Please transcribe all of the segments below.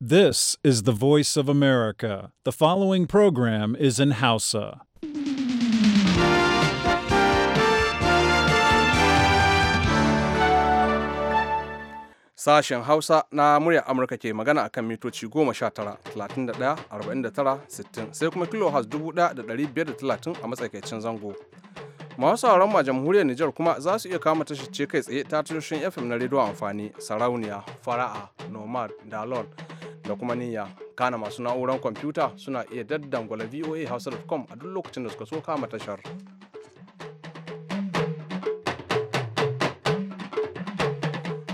This is the voice of America. The following program is in Hausa. Sashen Hausa na murya Amurka ke magana akan mitoci 19, 31, 60 sai kuma kilo kilohaz 1,530 a matsakaicin zango. masu sauran ma jamhuriyar Nijar kuma za su iya kama tashar ce kai tsaye ta tashoshin FM na rediyo amfani sarauniya fara'a nomad dalol da kuma niyya kana masu na'uran kwamfuta suna iya daddangwala voa hausa.com a duk lokacin da suka so kama tashar.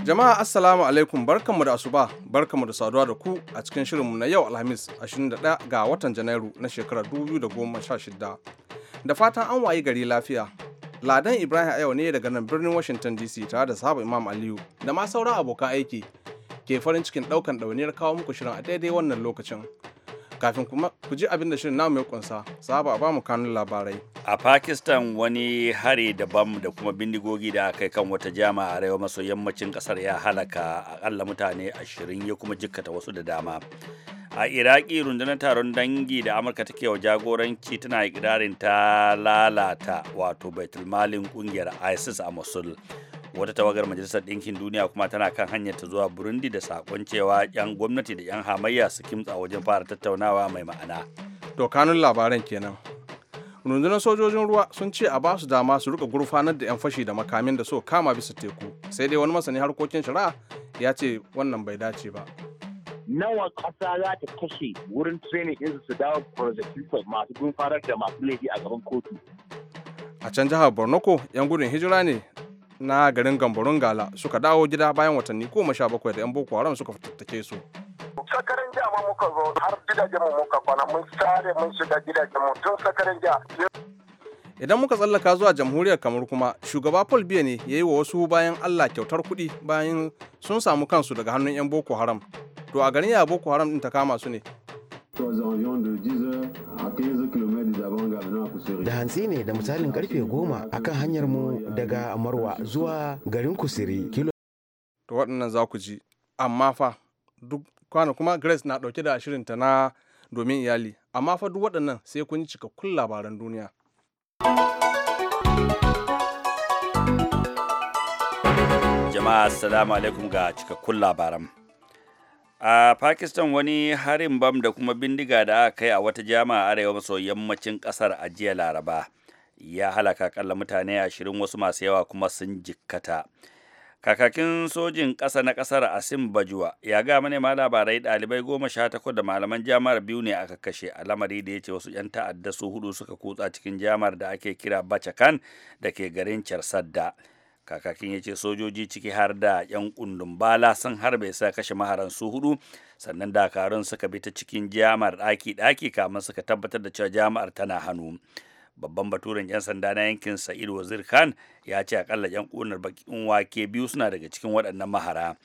Jama'a Assalamu alaikum barkanmu da asuba barkanmu da saduwa da ku a cikin shirinmu na yau Alhamis 21 ga watan Janairu na shekarar 2016. da fatan an waye gari lafiya ladan ibrahim a yau ne daga nan birnin washington dc tare da sabon imam aliyu da ma sauran abokan aiki ke farin cikin daukan ɗauniyar kawo muku shirin a daidai wannan lokacin kafin kuma ku ji abin da shirin namu ya kunsa saba a bamu kanun labarai a pakistan wani hari daban da kuma bindigogi da aka kan wata jama a arewa maso yammacin kasar ya halaka akalla mutane ashirin ya kuma jikkata wasu da dama a iraki rundunar taron dangi da amurka take wa jagoranci tana ikirarin ta lalata wato baitulmalin kungiyar isis a mosul wata tawagar majalisar ɗinkin duniya kuma tana kan hanyar ta zuwa burundi da sakon cewa 'yan gwamnati da 'yan hamayya su kimtsa wajen fara tattaunawa mai ma'ana to kanun labaran kenan rundunar sojojin ruwa sun ce a basu dama su rika gurfanar da 'yan fashi da makamin da so kama bisa teku sai dai wani masani harkokin shari'a ya ce wannan bai dace ba nawa ƙasa za ta kashe wurin training ɗinsu su dawo prosecutors masu farar da masu laifi a gaban kotu. A can jihar Borno ko 'yan gudun hijira ne na garin Gambarun Gala suka dawo gida bayan watanni goma sha bakwai da 'yan Boko Haram suka fitattake su. Sakarin jiya ma muka zo har gidajen mu muka kwana mun sare mun shiga gidajen mu tun sakarin jiya. Idan muka tsallaka zuwa jamhuriyar kamar kuma shugaba Paul Biya ne ya yi wa wasu bayan Allah kyautar kuɗi bayan sun samu kansu daga hannun 'yan Boko Haram to a garin ya boko haram din ta kama su ne Da hantsi ne da misalin karfe goma kan hanyar mu daga Marwa zuwa garin Kusiri kilo. To waɗannan za ku ji, amma fa duk kwana kuma Grace na ɗauke da ashirinta na domin iyali, amma fa duk waɗannan sai kun yi cikakkun labaran duniya. Jama'a assalamu alaikum ga cikakkun labaran. a pakistan wani harin bam da kuma bindiga da aka kai a wata jama'a arewa maso yammacin kasar a jiya laraba ya halaka kalla mutane ashirin wasu masu yawa kuma sun jikkata kakakin sojin ƙasa na ƙasar asim bajuwa ya ga manema labarai ɗalibai goma sha takwas da malaman jami'ar biyu ne aka kashe a lamari da ya ce wasu 'yan ta'adda su hudu suka kutsa cikin jami'ar da ake kira bacakan da ke garin carsadda kakakin ya ce sojoji ciki har da 'yan kundin bala sun harbe sa kashe maharan su hudu sannan dakarun suka bi ta cikin jami'ar daki-daki kamar suka tabbatar da cewa jami'ar tana hannu babban baturen 'yan sanda na yankin sa'id wazir khan ya ce akalla 'yan kunar bakin wake biyu suna daga cikin waɗannan mahara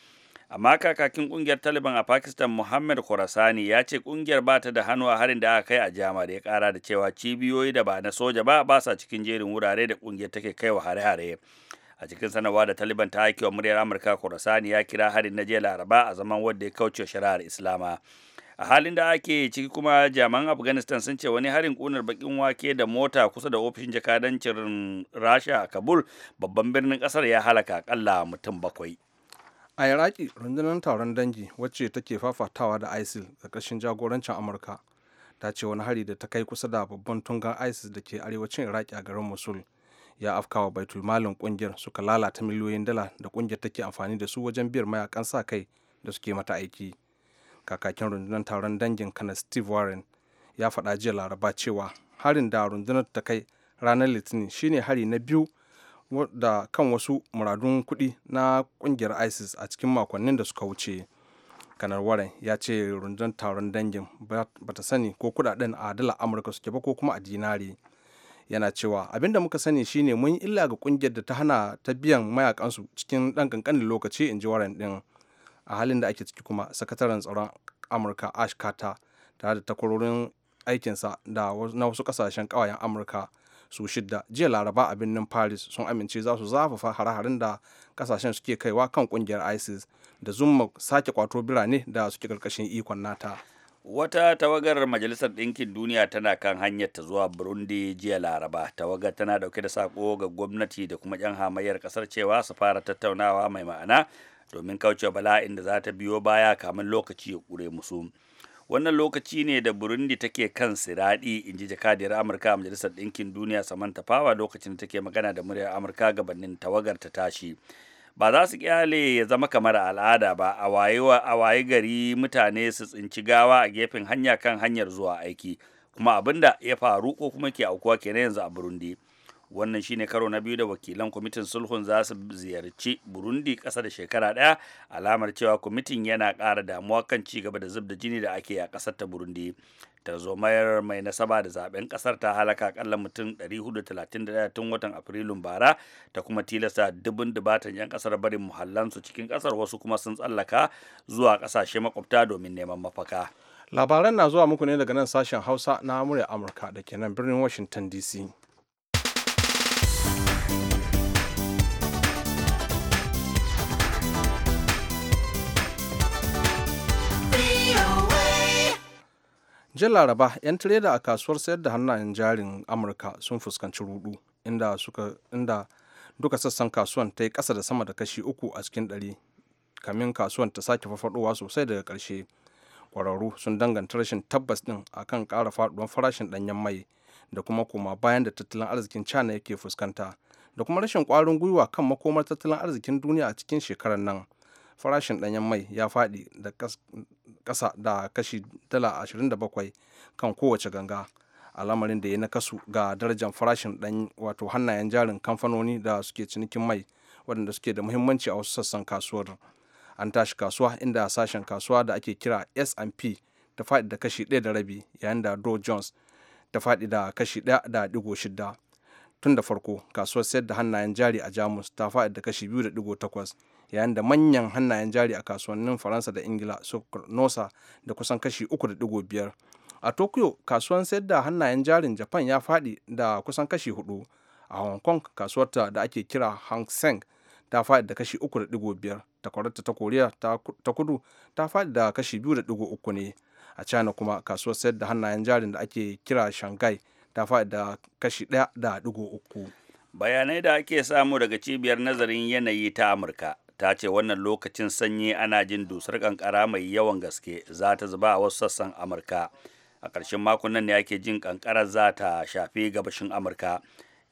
amma kakakin kungiyar taliban a pakistan muhammad khorasani ya ce kungiyar ba ta da hannu a harin da aka kai a jami'ar ya kara da cewa cibiyoyi da ba na soja ba ba sa cikin jerin wurare da kungiyar take wa hare-hare a cikin sanarwa da taliban ta aiki wa muryar amurka kurasani ya kira harin na jiya laraba a zaman wadda ya kauce shari'ar islama a halin da ake ciki kuma jaman afghanistan sun ce wani harin kunar bakin wake da mota kusa da ofishin jakadancin rasha a kabul babban birnin kasar ya halaka akalla mutum bakwai a iraki rundunar taron dangi wacce take fafatawa da isil ƙarƙashin jagorancin amurka ta ce wani hari da ta kai kusa da babban tungan isis da ke arewacin iraki a garin musul. ya afkawa baitulmalin kungiyar suka lalata miliyoyin dala da kungiyar take amfani da su wajen biyar mayakan sa kai da suke mata aiki kakakin rundunar taron dangin kana steve warren ya faɗa jiya laraba cewa harin da rundunar ta kai ranar litinin shine hari na biyu da kan wasu muradun kuɗi na ƙungiyar isis a cikin makonnin da suka wuce kanar warren ya ce rundunar taron dangin ba ta sani ko kuɗaɗen a dala amurka suke ba ko kuma a dinari yana cewa abin da muka sani shine mun illa ga kungiyar da ta hana ta biyan mayakansu cikin dan kankanin lokaci in ji warren din a halin da ake ciki kuma sakataren tsaron amurka ash kata tare da takwarorin aikinsa da na wasu kasashen kawayen amurka su shidda jiya laraba a birnin paris sun amince za su zafafa hare-haren da kasashen suke kaiwa kan kungiyar isis da zumma sake kwato birane da suke karkashin ikon nata Wata tawagar Majalisar Ɗinkin Duniya tana kan hanyar ta zuwa Burundi jiya Laraba. Tawagar tana dauke da sako ga gwamnati da kuma 'yan hamayyar ƙasar cewa su fara tattaunawa mai ma'ana domin kauce bala'in da za ta biyo baya kamin lokaci ya ƙure musu. Wannan lokaci ne da Burundi take kan siraɗi, in ji jakadiyar Amurka a Majalisar Ɗinkin Duniya Samantha Power lokacin da take magana da muryar Amurka gabanin tawagar ta tashi. ba za su kyale ya zama kamar al'ada ba a waye gari mutane su tsinci gawa a gefen hanya kan hanyar zuwa aiki kuma abinda ya faru ko kuma ke aukuwa kenan yanzu a burundi wannan shine karo na biyu da wakilan kwamitin sulhun za su ziyarci burundi ƙasa da shekara ɗaya alamar cewa kwamitin yana kara damuwa kan ci gaba da zub da jini da ake a ƙasar ta burundi tarzomayar mai nasaba da zaben ƙasar ta halaka akalla mutum 431 tun watan afrilun bara ta kuma tilasta dubun dubatan 'yan ƙasar barin muhallansu cikin ƙasar wasu kuma sun tsallaka zuwa ƙasashe makwabta domin neman mafaka labaran na zuwa muku ne daga nan sashen hausa na murya amurka da ke nan birnin washington dc jiya laraba 'yan tireda a kasuwar sayar da hannayen jarin amurka sun fuskanci rudu inda duka sassan kasuwan ta yi kasa da sama da kashi uku a cikin ɗari kamin kasuwan ta sake farfadowa sosai daga ƙarshe kwararru sun danganta rashin tabbas din kan ƙara faduwar farashin ɗanyen mai da kuma koma bayan da tattalin arzikin china yake fuskanta da kuma rashin kwarin gwiwa kan makomar tattalin arzikin duniya a cikin shekarar nan farashin ɗanyen mai ya faɗi da ƙasa da kashi dala 27 kan kowace ganga al'amarin da ya na kasu ga darajar farashin ɗan wato hannayen jarin kamfanoni da suke cinikin mai waɗanda suke da muhimmanci a wasu sassan kasuwar an tashi kasuwa inda sashen kasuwa da ake kira S&P ta faɗi da kashi ɗaya da rabi yayin da Dow Jones ta faɗi da kashi ɗaya da digo shida tun da farko kasuwar sayar da hannayen jari a jamus ta faɗi da kashi 2.8 yayin da manyan hannayen jari a kasuwannin faransa da ingila suka nosa da kusan kashi 3.5 a tokyo kasuwar sayar da hannayen jarin japan ya faɗi da kusan kashi 4 a hong kong kasuwar ta da ake kira hang seng ta faɗi da kashi 3.5 takwararta ta koriya ta kudu ta faɗi da kashi 2.3 ne a china kuma kasuwar sayar da hannayen jarin da ake kira shanghai ta da kashi ɗaya da ɗigo uku. Bayanai da ake samu daga cibiyar nazarin yanayi ta Amurka ta ce wannan lokacin sanyi ana jin dusar kankara mai yawan gaske za ta zuba a wasu sassan Amurka. A ƙarshen makon nan ne ake jin kankara za ta shafi gabashin Amurka.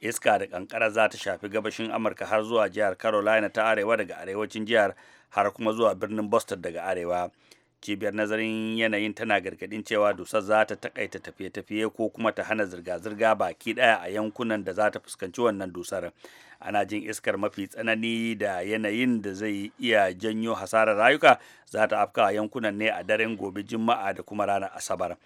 Iska da ƙanƙara za ta shafi gabashin Amurka har zuwa jihar Carolina ta arewa daga arewacin jihar har kuma zuwa birnin Boston daga arewa. cibiyar nazarin yanayin tana gargadin cewa dusar za ta takaita tafiye-tafiye ko kuma ta hana zirga-zirga baki daya a yankunan da za ta fuskanci wannan dusar ana jin iskar mafi tsanani da yanayin da zai iya janyo hasarar rayuka za ta afka yankunan ne a daren gobe juma'a da kuma ranar asabar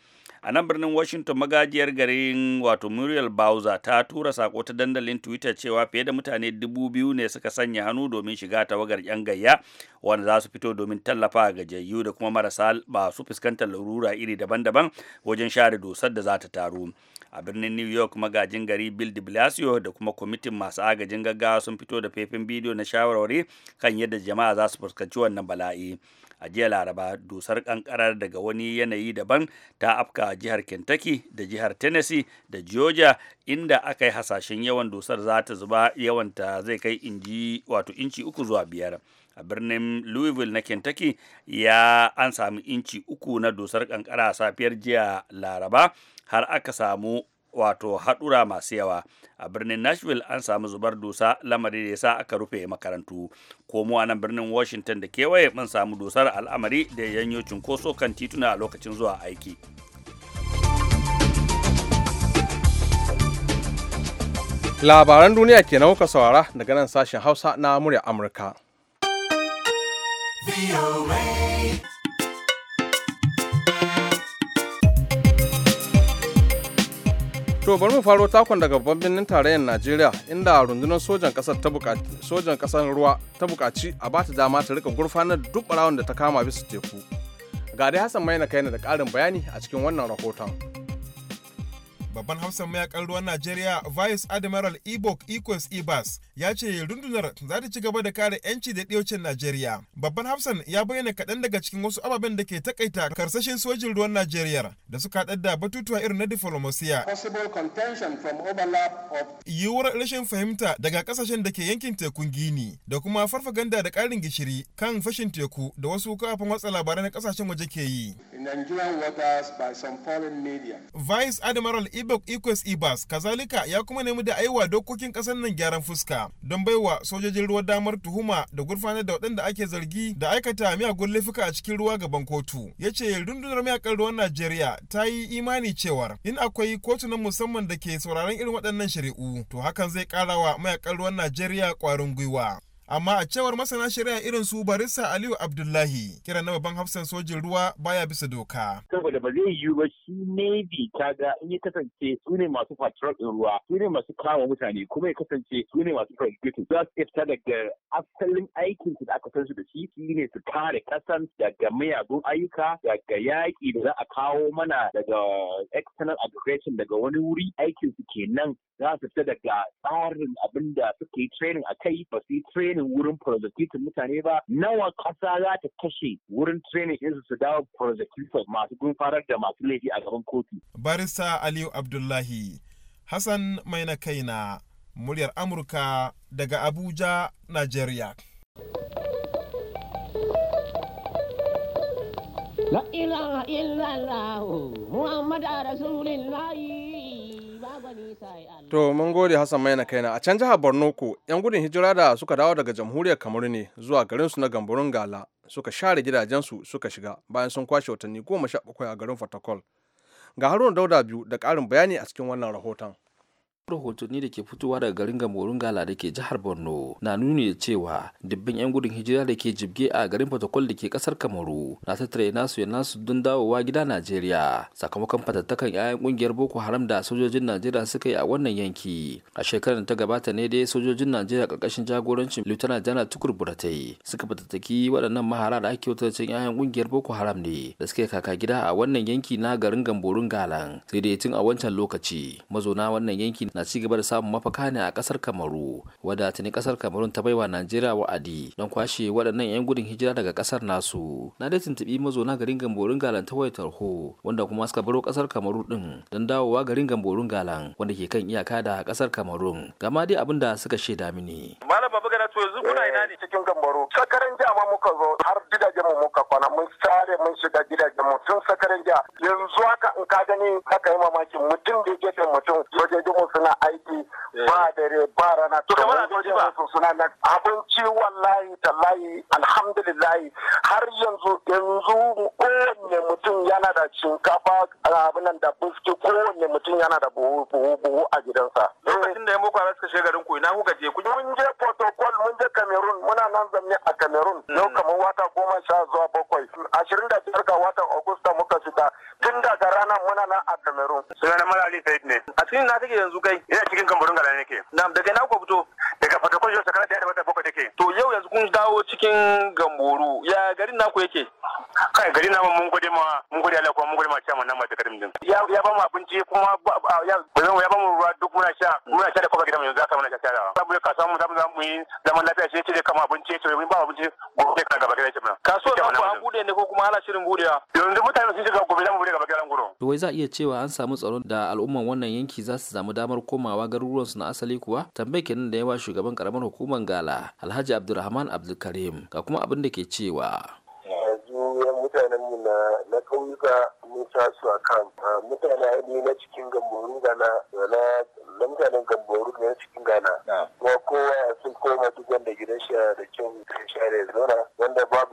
a nan birnin washington magajiyar garin wato muriel bowser ta tura sako ta dandalin twitter cewa fiye da mutane dubu biyu ne suka sanya hannu domin shiga tawagar yan gayya wanda za su fito domin tallafa gajiyayyu da kuma marasa ba fuskantar larura iri daban-daban wajen share dusar da za ta taru a birnin new york magajin gari bill de blasio da kuma kwamitin masu agajin gaggawa sun fito da faifin bidiyo na shawarwari kan yadda jama'a za su fuskanci wannan bala'i a jiya laraba dusar kankarar daga wani yanayi daban ta afka a jihar kentucky da jihar tennessee da georgia inda aka yi hasashen yawan dusar za ta zuba yawanta zai kai inji wato inci uku zuwa biyar a birnin louisville na kentucky ya an samu inci uku na dusar kankara safiyar jiya laraba har aka samu wato haɗura masu yawa a birnin nashville an samu zubar dusa lamari da yasa aka rufe makarantu komo a nan birnin washington da kewaye mun samu dusar al'amari da yanyo cunkoso kan tituna a lokacin zuwa aiki labaran duniya kenan kuka saurara daga nan sashen hausa na murya amurka To bari mu faro takon daga babban birnin tarayyar Najeriya inda rundunar sojan kasar ta bukaci sojan kasar ruwa ta bukaci a ba ta dama ta rika gurfanar duk barawon da ta kama bisa teku. Ga dai Hassan Maina kai da ƙarin bayani a cikin wannan rahoton. babban hausan mayakan ruwan najeriya vice admiral ibok ikos ibas ya ce rundunar za ta ci gaba da kare yanci da ɗiyocin najeriya babban hafsan ya bayyana kaɗan daga cikin wasu ababen da ke takaita karsashin sojin ruwan najeriya da suka haɗar da batutuwa irin na diflomasiya yiwuwar rashin fahimta daga kasashen da ke yankin tekun gini da kuma farfaganda da ƙarin gishiri kan fashin teku da wasu kafin watsa labarai na ƙasashen waje ke yi vice admiral ibok ikwes ibas kazalika ya kuma nemi da aiwa dokokin kasar nan gyaran fuska don baiwa sojojin ruwa damar tuhuma da gurfanar da waɗanda ake zargi da aikata miyagun laifuka a cikin ruwa gaban kotu ya ce rundunar mayakan ruwan najeriya ta yi imani cewar in akwai kotu na musamman da ke sauraron irin waɗannan shari'u to hakan zai ƙara wa mayakan ruwan najeriya ƙwarin gwiwa amma a cewar masana shari'a irin su barissa aliyu abdullahi kira na babban hafsan sojin ruwa baya bisa doka saboda ba zai yiwu ba shi navy kaga in ya kasance su ne masu patrol din ruwa su ne masu kama mutane kuma ya kasance su ne masu prosecuting za su fita daga asalin aikin da aka san su da shi su ne su kare kasan daga miyagun ayyuka daga yaƙi da za a kawo mana daga external aggression daga wani wuri aikin su kenan za su fita daga tsarin abin da suka yi training a kai ba su yi training training wurin prosecutor mutane ba nawa ƙasa za ta kashe wurin training ɗinsu su dawo prosecutor masu gunfarar da masu laifi a gaban kotu. Barista Aliyu Abdullahi Hassan Maina Kaina muryar Amurka daga Abuja, Najeriya. La ilaha illallah Muhammad Rasulullahi To mun gode Hassan na kaina a can jihar Borno ko yan gudun hijira da suka dawo daga jamhuriyar Kamaru ne zuwa garin su na Gamburun Gala suka share gidajen su suka shiga bayan sun kwashe watanni goma sha a garin Fatakol. Ga Haruna Dauda biyu da ƙarin bayani a cikin wannan rahoton. rahotanni da ke fitowa daga garin gamorungala da ke jihar borno na nuni da cewa dubban 'yan gudun hijira da ke jibge a garin fatakwal da ke kasar kamaru na tare nasu ya nasu don dawowa gida najeriya sakamakon fatattakan 'ya'yan kungiyar boko haram da sojojin najeriya suka yi a wannan yanki a shekarar da ta gabata ne dai sojojin najeriya karkashin jagorancin lieutenant janar tukur buratai suka fatattaki waɗannan mahara da ake cin 'ya'yan kungiyar boko haram ne da suka kaka gida a wannan yanki na garin gamborungalan sai dai tun a wancan lokaci mazauna wannan yanki na cigaba da samun mafaka ne a kasar kamaru wadda tuni kasar kamarun ta baiwa najeriya wa'adi don kwashe waɗannan 'yan gudun hijira daga kasar nasu na dai tuntuɓi mazauna garin gamborin galan ta wayar tarho wanda kuma suka baro kasar kamaru din don dawowa garin gamborin galan wanda ke kan iyaka da kasar kamarun gama dai abin da suka shaida mini. malam babu gana to yanzu kuna ne cikin muka zo har gidajen mu muka kwana mun sare mun shiga gidajen mu tun yanzu haka in ka gani haka yi mamakin mutum da gefen mutum wajen sun suna aiki eh. ba dare ba rana to kamar suna nan abinci wallahi tallahi alhamdulillahi har yanzu yanzu kowanne mutum yana da shinkafa abinan da buski kowanne mutum yana da buhu buhu a gidansa lokacin da ya muku suka shiga garin ku ina kuka je kun je protocol mun je Cameroon muna nan zamne a iya cewa an samu tsaron da al'umman wannan yanki za su samu damar komawa garuruwansu na asali kuwa tambayar kenan da yawa shugaban karamar hukumar gala alhaji abdulrahman abdulkarim ga kuma abin da ke cewa mutanenmu na na ƙauyuka mun sa su a kan ah, mutane ne na cikin gamboru gana na mutanen gamboru ne na cikin gana kuma kowa sun koma duk wanda gidan shi da kyau da shi da zauna wanda babu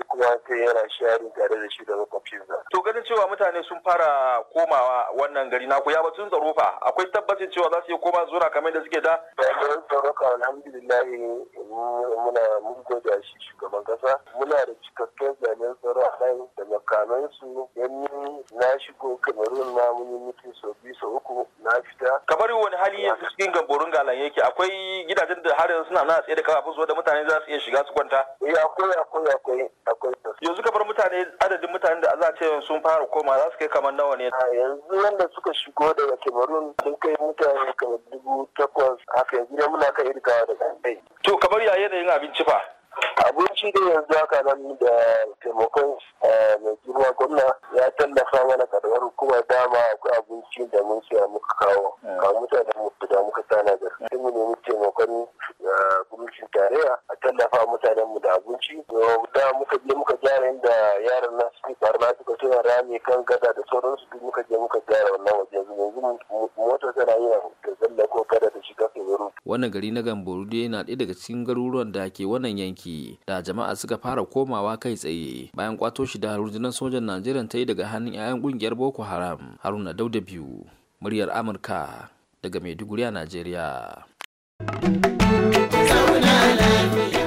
ta yana sharing tare da shi da makwabcinsa. To ganin cewa mutane sun fara komawa wannan gari naku ya batun tsaro fa akwai tabbacin cewa za su yi koma zura kamar da suke da. Bayan tsaro ka alhamdulillah eh, muna mun goda shi shugaban kasa muna da cikakken zanen tsaro a nan da makamansu Yanni na shigo kamarun na mun yi mutu sau biyu sau uku na fita. Kamar wani hali yanzu cikin gamborun galan yake akwai gidajen da har yanzu suna nan a tsaye da kafafu su da mutane za su iya shiga su kwanta. Eh akwai akwai akwai akwai yanzu ka bar mutane adadin mutane da za a ce sun fara koma za su kai kamar nawa ne yanzu wanda suka shigo daga Cameroon sun kai mutane kamar dubu takwas haka yanzu ne muna kan irgawa da ɗanɗai. to kamar ya yanayin abinci fa abinci da yanzu haka nan da taimakon eh, mai girma gwamna ya tallafa mana karuwar hukuma dama akwai abinci da mun siya muka kawo eh. ga mutane da muka tanadar sai mu nemi taimakon da gwamnatin tarayya a tallafa mutanen mu da abinci da muka je muka gyara inda yaran nan suke barna suka suna rami kan gada da sauransu duk muka je muka gyara wannan waje yanzu mota tana yi da zalla ko gada da shiga kameru wannan gari na gamboru dai na ɗaya daga cikin garuruwan da ke wannan yanki da jama'a suka fara komawa kai tsaye bayan kwato shi da rundunar sojan najeriya ta yi daga hannun 'ya'yan ƙungiyar boko haram haruna dauda biyu muryar amurka daga maiduguri a najeriya Zauna lafiya.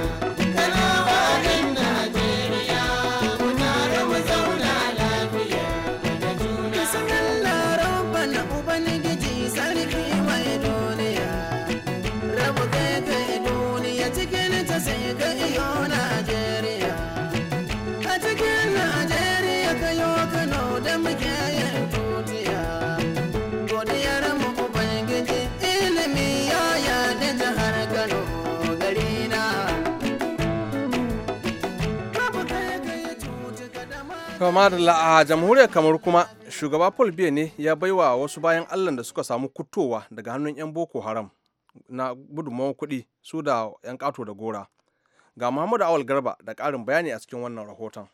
a jamhuriyar kamar kuma shugaba paul biya ne ya baiwa wasu bayan allah da suka samu kutowa daga hannun 'yan boko haram na gudunmawar kuɗi su da 'yan kato da gora ga muhammadu awal garba da ƙarin bayani a cikin wannan rahoton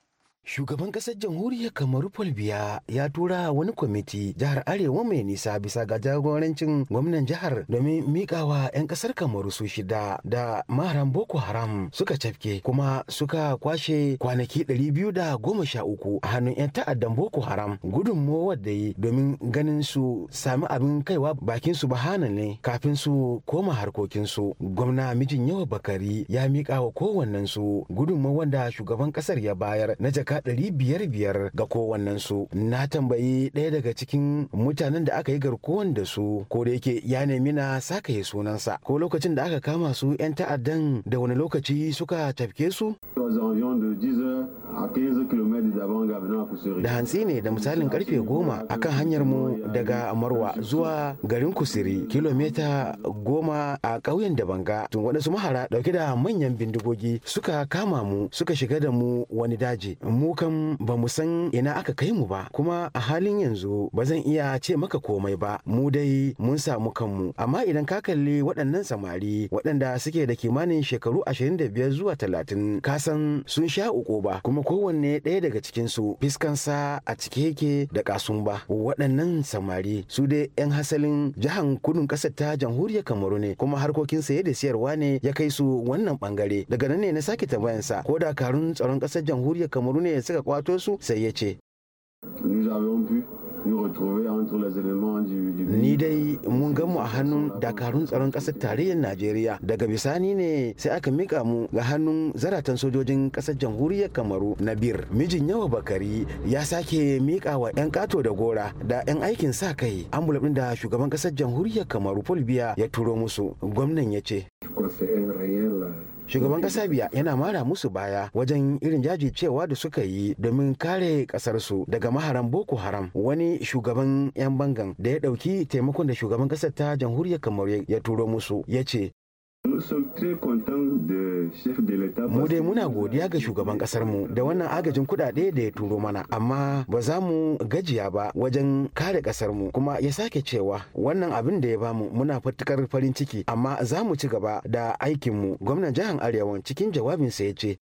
Shugaban ƙasar jamhuriya Kamaru Paul ya tura wani kwamiti jihar Arewa mai nisa bisa ga jagorancin gwamnan jihar domin miƙawa 'yan ƙasar Kamaru su shida da maharan Boko Haram suka cafke kuma suka kwashe kwanaki ɗari biyu da goma sha uku a hannun 'yan ta'addan Boko Haram gudunmowar da yi domin ganin su sami abin kaiwa bakin su bahana ne kafin su koma harkokinsu. Gwamna mijin yawa Bakari ya miƙawa wa su gudummawar da shugaban ƙasar ya bayar na jaka naira ɗari biyar biyar ga kowannensu na tambayi ɗaya daga cikin mutanen da aka yi garkuwan da su ko da yake ya nemi na sakaye sunansa ko lokacin da aka kama su 'yan ta'addan da wani lokaci suka tafke su da hantsi ne da misalin karfe goma kan hanyar mu daga marwa zuwa garin kusiri kilomita goma a ƙauyen da banga tun waɗansu mahara ɗauke da manyan bindigogi suka kama mu suka shiga da mu wani daji mu kan ba mu san ina aka kai mu ba kuma a halin yanzu ba zan iya ce maka komai ba mu dai mun samu kanmu amma idan ka kalli waɗannan samari waɗanda suke da kimanin shekaru ashirin da biyar zuwa talatin. ka san sun sha uku ba kuma kowanne ɗaya daga cikin cikinsu fiskansa a cike yake da kasun ba waɗannan samari su dai 'yan hasalin jihar kudun ƙasar ta jamhuriyar kamaru ne kuma harkokin saye da siyarwa ne ya kai su wannan bangare daga nan ne na sake tambayansa ko da karun tsaron ƙasar jamhuriyar kamaru ne ne suka kwato su sai ya ce Ni dai mun gamu mu a hannun dakarun tsaron ƙasar tarihin Najeriya daga bisani ne sai aka mika mu ga hannun zaratan sojojin ƙasar jamhuriyar Kamaru na bir. Mijin yawa bakari ya sake mika wa 'yan kato da gora da 'yan aikin sa kai ambulab da shugaban ƙasar jamhuriyar Kamaru Paul ya turo musu. Gwamnan ya ce. shugaban kasa biya yana mara musu baya wajen irin jajircewa da suka yi domin kare kasarsu daga maharan boko haram wani shugaban yan bangan da ya dauki taimakon da shugaban kasar ta jamhuriyar kamaru ya turo musu ya ce Mu dai muna godiya ga shugaban mu da wannan agajin kuɗaɗe da ya turo mana, amma ba za mu gajiya ba wajen kare ƙasarmu kuma ya sake cewa wannan abin da ya bamu muna fatukar farin ciki amma za mu ci gaba da aikinmu. Gwamnan jihar Arewa cikin jawabinsa ya ce.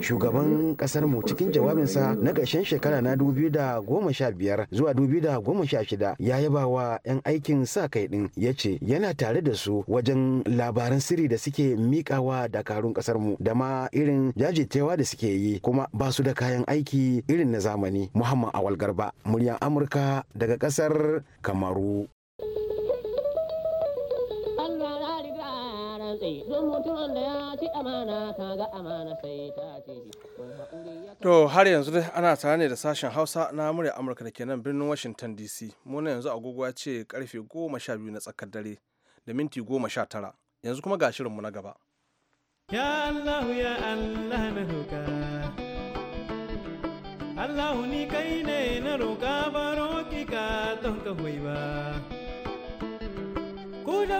Shugaban kasar mu cikin jawabinsa na ƙarshen shekara na biyar zuwa sha shida ya yaba wa 'yan aikin sa kai ɗin ya ce yana tare da su wajen labaran sirri da suke miƙawa dakarun kasar mu da ma irin jajircewa da suke yi kuma ba su da kayan aiki irin na zamani. Muhammad Awal Garba, muryar Amurka daga ƙasar Kamaru. rantse don mutumin da ya ci amana ga amana sai ta ce To har yanzu dai ana tare ne da sashen Hausa na murya Amurka da ke nan birnin Washington DC. Muna yanzu agogo ya ce karfe goma na tsakar dare da minti goma Yanzu kuma ga shirinmu na gaba. Ya Allah ya Allah na roka Allah ni kai ne na roka baro ki ka don ka ba. Masu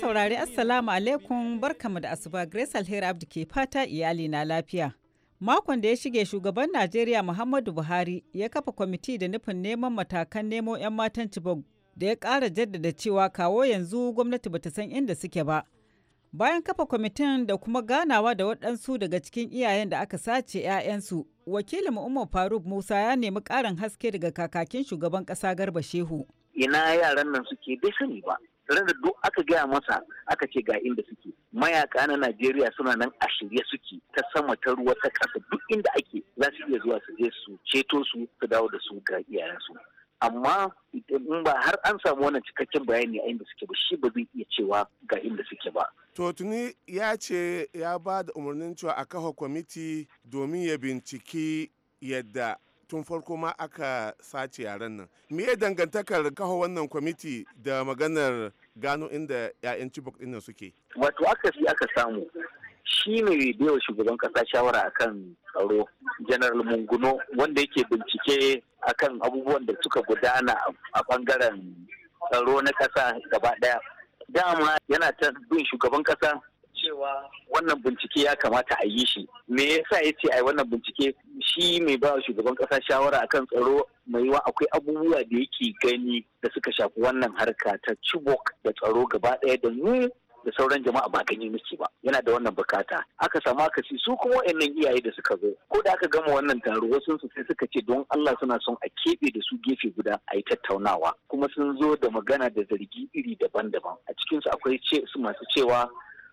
saurari Assalamu alaikum barkamu da asuba Grace Alheri Abdi ke fata iyali na lafiya. Makon da ya shige shugaban Najeriya Muhammadu Buhari ya kafa kwamiti da nufin neman matakan nemo 'yan matan Chibok da ya ƙara jaddada cewa kawo yanzu gwamnati bata san inda suke ba. Bayan kafa kwamitin da kuma ganawa da waɗansu daga cikin iyayen da aka sace 'ya'yansu, wakilin Umar Faruk Musa ya nemi ƙarin haske daga kakakin shugaban ƙasa Garba Shehu. Ina yaran nan suke bai sani ba. Tare da duk aka gaya masa aka ce ga inda suke. Mayaka na Najeriya suna nan a shirye suke ta sama ta ruwa ta ƙasa duk inda ake za su iya zuwa su je su ceto su su dawo da su ga iyayensu. amma in ba har an samu wannan cikakken bayani a inda suke ba shi ba zai iya cewa ga inda suke ba to tuni ya ce ya ba da umarnin cewa a kafa kwamiti domin ya binciki yadda tun farko ma aka sace yaren nan me ya dangantakar kafa wannan kwamiti da maganar gano inda 'ya'yan cibok ɗin suke wato aka fi aka samu shi ne biyar shugaban kasa shawara akan tsaro general munguno wanda yake bincike akan abubuwan da suka gudana a bangaren tsaro na kasa gaba daya dama yana ta bin shugaban kasa cewa wannan bincike ya kamata a yi shi me yasa ya ce a wannan bincike shi mai ba shugaban kasa shawara akan tsaro mai wa akwai abubuwa da yake gani da suka shafi wannan harka ta chibok da tsaro gaba ɗaya da mu da sauran jama'a ba ganye miki ba yana da wannan bukata aka samu aka ci su kuma wayannan iyaye da suka zo ko da aka gama wannan taro wasu su sai suka ce don Allah suna son a keɓe da su gefe guda a yi tattaunawa kuma sun zo da magana da zargi iri daban-daban a cikinsu akwai ce su masu cewa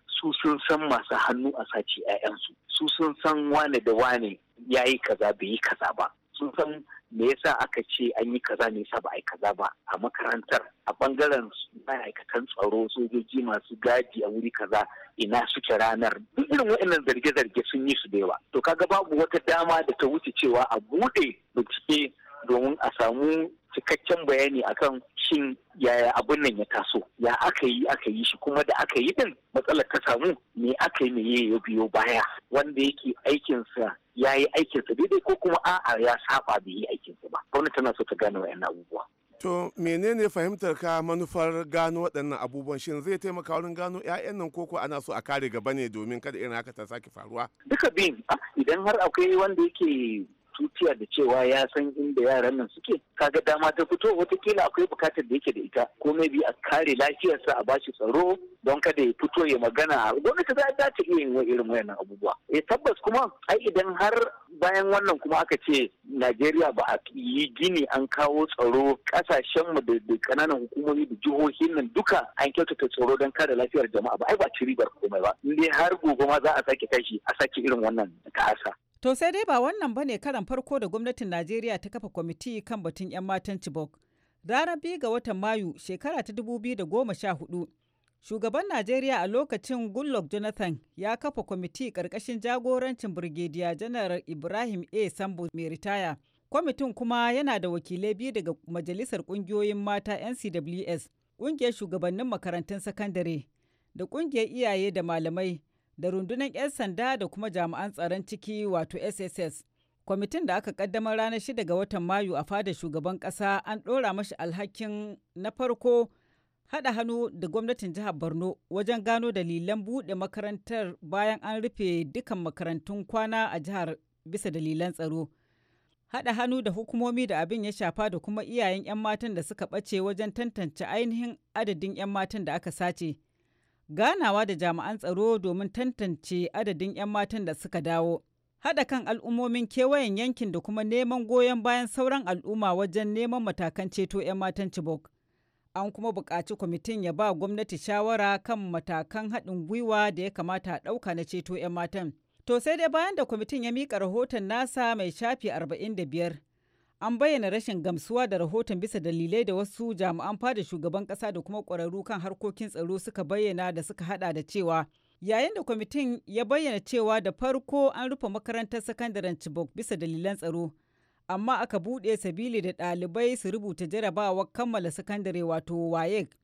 su sun san masu hannu a sace 'ya'yansu su sun san wane da wane yayi kaza bai yi kaza ba sun san me yasa aka ce an yi kaza me yasa ba a yi kaza ba a makarantar a bangaren ma'aikatan tsaro sojoji masu gaji a wuri kaza ina suke ranar duk irin waɗannan zarge-zarge sun yi su da yawa to kaga babu wata dama da ta wuce cewa a buɗe bincike domin a samu cikakken bayani akan shin yaya abun nan ya taso ya aka yi aka yi shi kuma da aka yi din matsalar ta samu me aka yi me ya biyo baya wanda yake aikinsa ya yi aikinsa daidai ko kuma a'a ya saba bai yi aikinsa ba gwamnati tana so ta gane wa'yan abubuwa To menene fahimtar ka manufar gano waɗannan abubuwan shin zai taimaka wurin gano 'ya'yan nan koko ana so a kare gaba ne domin kada irin haka ta sake faruwa? Duka bin idan har akwai wanda yake tutiya da cewa ya san inda yaran nan suke kaga dama ta fito Wataƙila akwai bukatar da yake da ita ko biyu a kare lafiyarsa a bashi tsaro don kada ya fito ya magana gwamnati za ta iya yin irin wayannan abubuwa eh tabbas kuma ai idan har bayan wannan kuma aka ce Najeriya ba a yi gini an kawo tsaro kasashen mu da kananan hukumomi da jihohin nan duka an kyautata tsaro don kare lafiyar jama'a ba ai ba ci ribar komai ba in dai har gobe ma za a sake kashi a sake irin wannan ta'asa To sai dai ba wannan bane karan farko da gwamnatin Najeriya ta kafa kwamiti kan batun 'yan matan Chibok. Ranar biyu ga watan Mayu shekara ta 2014, shugaban Najeriya a lokacin Goodluck Jonathan ya kafa kwamiti ƙarƙashin jagorancin Birgediya Janaral Ibrahim A. Sambo mai ritaya. Kwamitin kuma yana da wakilai biyu daga Majalisar Ƙungiyoyin Mata NCWS, ƙungiyar shugabannin makarantun sakandare, da ƙungiyar iyaye da malamai. da rundunar 'yan sanda da kuma jami'an tsaron ciki wato SSS. Kwamitin da aka kaddamar ranar 6 ga watan Mayu a fadar shugaban ƙasa an ɗora mashi alhakin na farko haɗa hannu da gwamnatin jihar Borno wajen gano dalilan buɗe makarantar bayan an rufe dukan makarantun kwana a jihar bisa dalilan tsaro. Haɗa hannu da hukumomi da abin ya shafa da kuma iyayen 'yan matan da suka ɓace wajen tantance ainihin adadin 'yan matan da aka sace. ganawa da jami'an tsaro domin tantance adadin 'yan matan da suka dawo. Haɗa kan al'ummomin kewayen yankin da kuma neman goyon bayan sauran al'umma wajen neman matakan ceto 'yan matan Chibok. An kuma buƙaci kwamitin ya ba gwamnati shawara kan matakan haɗin gwiwa da ya kamata a ɗauka na ceto 'yan matan. To sai dai bayan da kwamitin ya miƙa rahoton nasa mai shafi arba'in da biyar. an bayyana rashin gamsuwa da rahoton bisa dalilai da wasu jami'an fada shugaban kasa da kuma kwararru kan harkokin tsaro suka bayyana da suka hada da cewa yayin da kwamitin ya bayyana cewa da farko an rufe makarantar sakandaren chibok bisa dalilan tsaro amma aka buɗe sabili da ɗalibai su rubuta jarabawa kammala sakandare wato wayek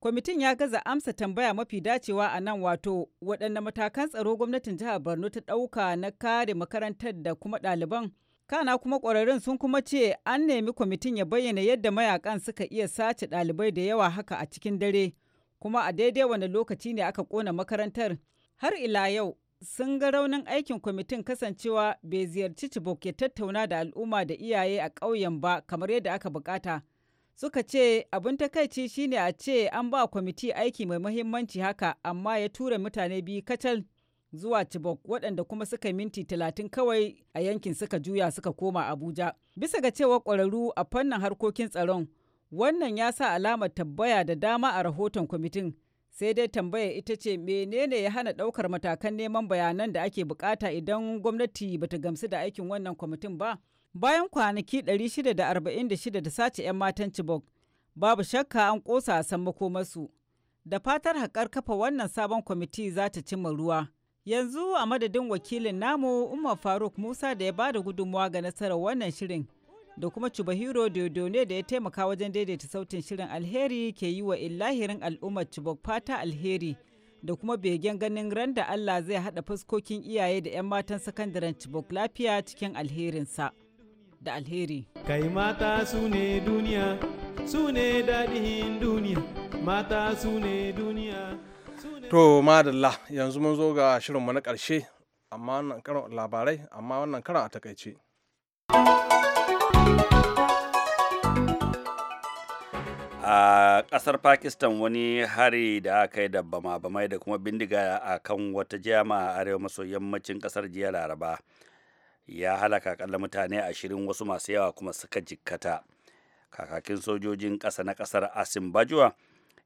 kwamitin ya gaza amsa tambaya mafi dacewa a nan wato waɗanne matakan tsaro gwamnatin jihar borno ta ɗauka na kare makarantar da kuma ɗaliban Kana kuma ƙwararrun sun kuma ce an nemi kwamitin ya bayyana yadda mayakan suka iya sace ɗalibai da yawa haka a cikin dare, kuma a daidai wani lokaci ne aka ƙona makarantar. Har ila yau, sun ga raunin aikin kwamitin kasancewa bai ziyarci cibok ya tattauna da al'umma da iyaye a ƙauyen ba kamar yadda aka bukata. Suka ce abin takaici shine a ce an ba kwamiti aiki mai muhimmanci haka amma ya tura mutane biyu kacal zuwa Chibok waɗanda kuma suka yi minti talatin kawai a yankin suka juya suka koma Abuja. Bisa ga cewa ƙwararru a fannin harkokin tsaron, wannan ya sa alamar tambaya da dama a rahoton kwamitin. Sai dai tambaya ita ce menene ya hana ɗaukar matakan neman bayanan da ake bukata idan gwamnati bata gamsu da aikin wannan kwamitin ba. Bayan kwanaki shida da sace 'yan matan Chibok, babu shakka an ƙosa a san makomarsu. Da fatar haƙar kafa wannan sabon kwamiti za ta cimma ruwa. Yanzu a madadin wakilin namu Umar Faruk Musa da ya bada gudunmawa ga nasarar wannan shirin da kuma Chubahiro ne da ya taimaka wajen daidaita sautin shirin alheri ke yi wa illahirin al'ummar cibok fata alheri da kuma begen ganin ran da Allah zai haɗa fuskokin iyaye da 'yan matan sakandaren Cibok lafiya cikin alherinsa da alheri. Kai mata su ne duniya, su ne daɗin duniya, mata su ne duniya. To madalla yanzu mun zo ga shirinmu na ƙarshe amma wannan karin labarai amma wannan karin a takaice. a ƙasar pakistan wani hari da aka yi da bama da kuma bindiga a kan wata jama a arewa maso yammacin ƙasar jiya laraba ya halaka akalla mutane ashirin wasu masu yawa kuma suka jikkata kakakin sojojin ƙasa na ƙasar asim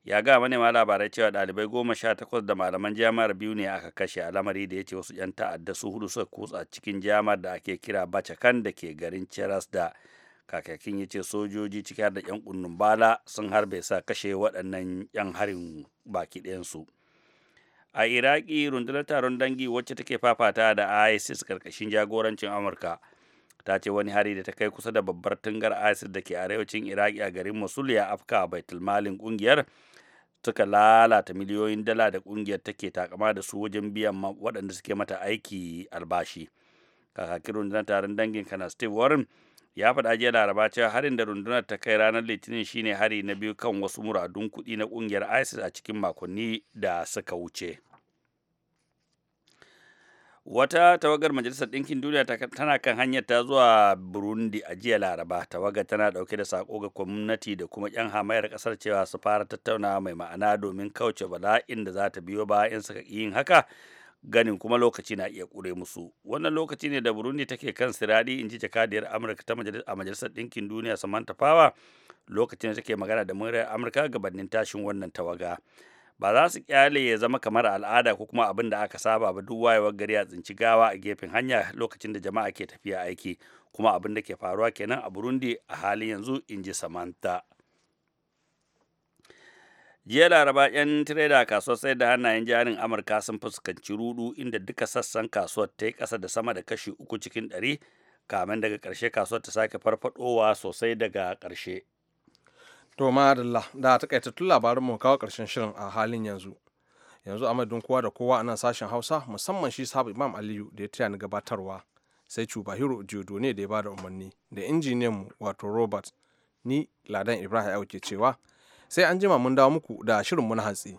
ya ga manema labarai cewa dalibai goma sha takwas da malaman jami'ar biyu ne aka kashe a lamari da ya ce wasu 'yan ta'adda su hudu suka kutsa cikin jami'ar da ake kira kan da ke garin ceras da kakakin ya ce sojoji ciki har da 'yan kunnun bala sun harbe sa kashe waɗannan 'yan harin baki ɗayansu a iraki rundunar taron dangi wacce take fafata da isis karkashin jagorancin amurka ta ce wani hari da ta kai kusa da babbar tungar isis da ke arewacin iraki a garin musul ya afka baitulmalin kungiyar suka lalata miliyoyin dala da kungiyar take takama da su wajen biyan waɗanda suke mata aiki albashi kakakin rundunar taron dangin kana steve warren ya faɗa jiya laraba cewa harin da rundunar ta kai ranar litinin shine hari na biyu kan wasu muradun kuɗi na kungiyar isis a cikin makonni da suka wuce wata tawagar majalisar ɗinkin duniya tana kan hanyar ta zuwa burundi a jiya laraba tawagar tana ɗauke da sako ga gwamnati da kuma 'yan hamayar ƙasar cewa su fara tattaunawa mai ma'ana domin kauce bala'in da za ta biyo bayan suka yin haka ganin kuma lokaci na iya ƙure musu wannan lokaci ne da burundi take kan sirari in ji jakadiyar amurka ta a majalisar ɗinkin duniya samantha power lokacin da take magana da muryar amurka gabanin tashin wannan tawaga ba za su kyale ya zama kamar al'ada ko kuma abin da aka saba ba duk wayewar gari a tsinci gawa a gefen hanya lokacin da jama'a ke tafiya aiki kuma abin da ke faruwa kenan a burundi a halin yanzu in ji samanta jiya laraba 'yan tireda kasuwar sai da hannayen jarin amurka sun fuskanci rudu inda duka sassan kasuwar ta yi kasa da sama da kashi uku cikin ɗari kamin daga ƙarshe kasuwar ta sake farfadowa sosai daga ƙarshe To madalla da ta tun labarin mu kawo karshen shirin a halin yanzu. Yanzu a madadin kowa da kowa a nan sashen Hausa musamman shi sabu Imam Aliyu da ya taya ni gabatarwa. Sai cuba Cubahiro Jodo ne da ya bada umarni da injiniyan mu wato Robert ni Ladan Ibrahim Ayo ke cewa sai an jima mun dawo muku da shirin mu na hatsi.